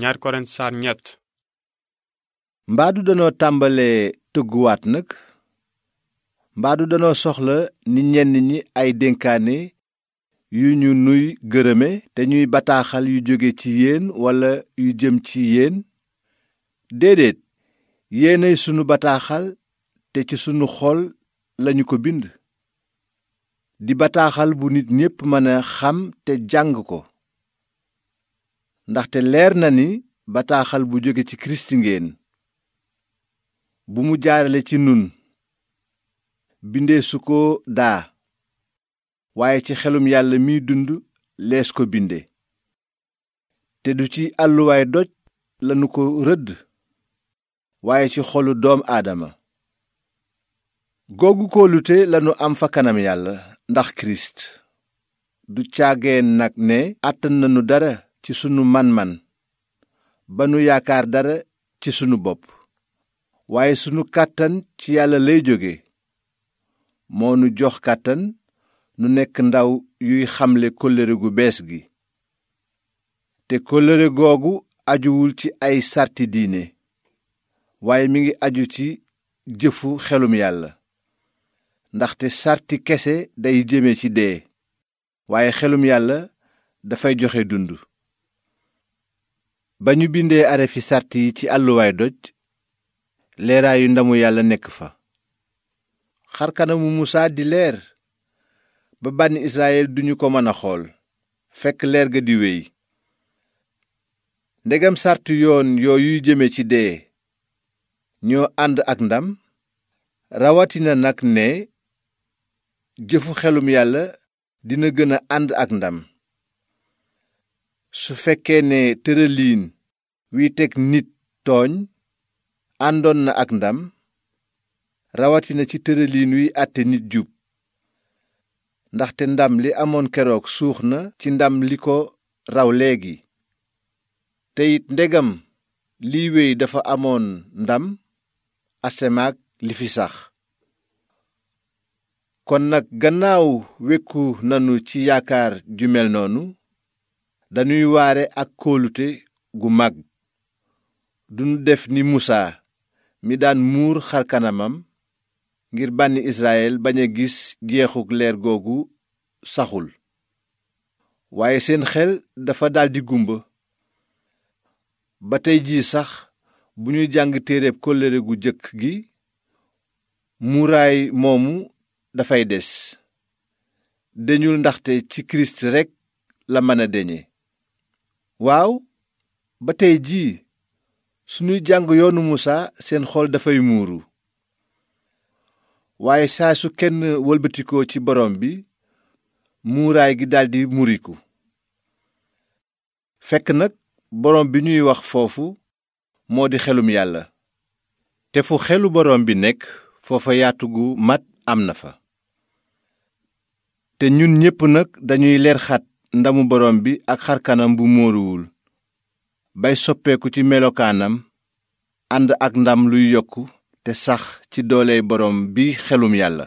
ñaar korint saar danoo tàmbalee tëgguwaat nag mbaadu danoo soxla ni ñenn ñi ay dénkaane yu ñu nuy gërëme te ñuy bataaxal yu jóge ci yéen walla yu jëm ci yéen déedéet yéenay sunu bataaxal te ci sunu xol lañu ko bind di bataaxal bu nit ñépp mën a xam te jàng ko ndaxte leer na ni bataaxal bu jóge ci kirist ngeen bu mu jaarale ci nun bindee su ko daa waaye ci xelum yàlla miy dund lees ko binde te du ci àlluwaay doj lanu ko rëdd waaye ci xoolu doom aadama googu kóolute lanu am fa kanam yàlla ndax kirist du càggeen nag ne àttan nanu dara ci sunu man-man ba nu yaakaar dara ci sunu bopp waaye sunu kàttan ci yàlla lay jóge moo nu jox kàttan nu nekk ndaw yuy xamle kóllëre gu bees gi te kóllëre googu ajuwul ci ay sarti diine waaye mi ngi aju ci jëfu xelum yàlla ndaxte sarti kese day jëme ci dee waaye xelum yàlla dafay joxe dund ba ñu bindee arefi sàrt yi ci àlluwaay doj leeraayu ndamu yàlla nekk fa xarkanamu musaa di leer ba bànni israyil duñu ko mën a xool fekk leer ga di wéy ndegam sàrt yoon yooyuy jëme ci dee ñoo ànd ak ndam rawatina nag ne jëfu xelum yàlla dina gën a ànd ak ndam su fekkee ne tërëliin wi teg nit tooñ àndoon na ak ndam rawatina ci tërëliin wi àtte nit jub ndaxte ndam li amoon keroog suux na ci ndam li ko raw léegi te it ndegam liy wéy dafa amoon ndam asemaak li fi sax kon nag gannaaw wekku nanu ci yaakaar ju mel noonu dañuy waare ak kóolute gu mag duñu def ni musaa mi daan muur xarkanamam ngir bànni israel bañ a gis geexu leer googu saxul waaye seen xel dafa daldi gumba ba tey jii sax bu ñuy jàng téereb kóllëre gu jëkk gi muuraay moomu dafay des deñul ndaxte ci kirist rekk la mën a deñe waaw ba tey jii sunuy jàng yoonu musaa seen xool dafay muuru waaye saa su kenn wëlbatikoo ci borom bi muuraay gi daldi muriku fekk nag borom bi ñuy wax foofu moo di xelum yàlla te fu xelu borom bi nekk foofa yaatu gu mat am na fa te ñun ñépp nag dañuy leer xat ndamu borom bi ak xarkanam bu móoruwul bay soppeeku ci melokaanam ànd ak ndam luy yokk te sax ci dooley borom bi xelum yàlla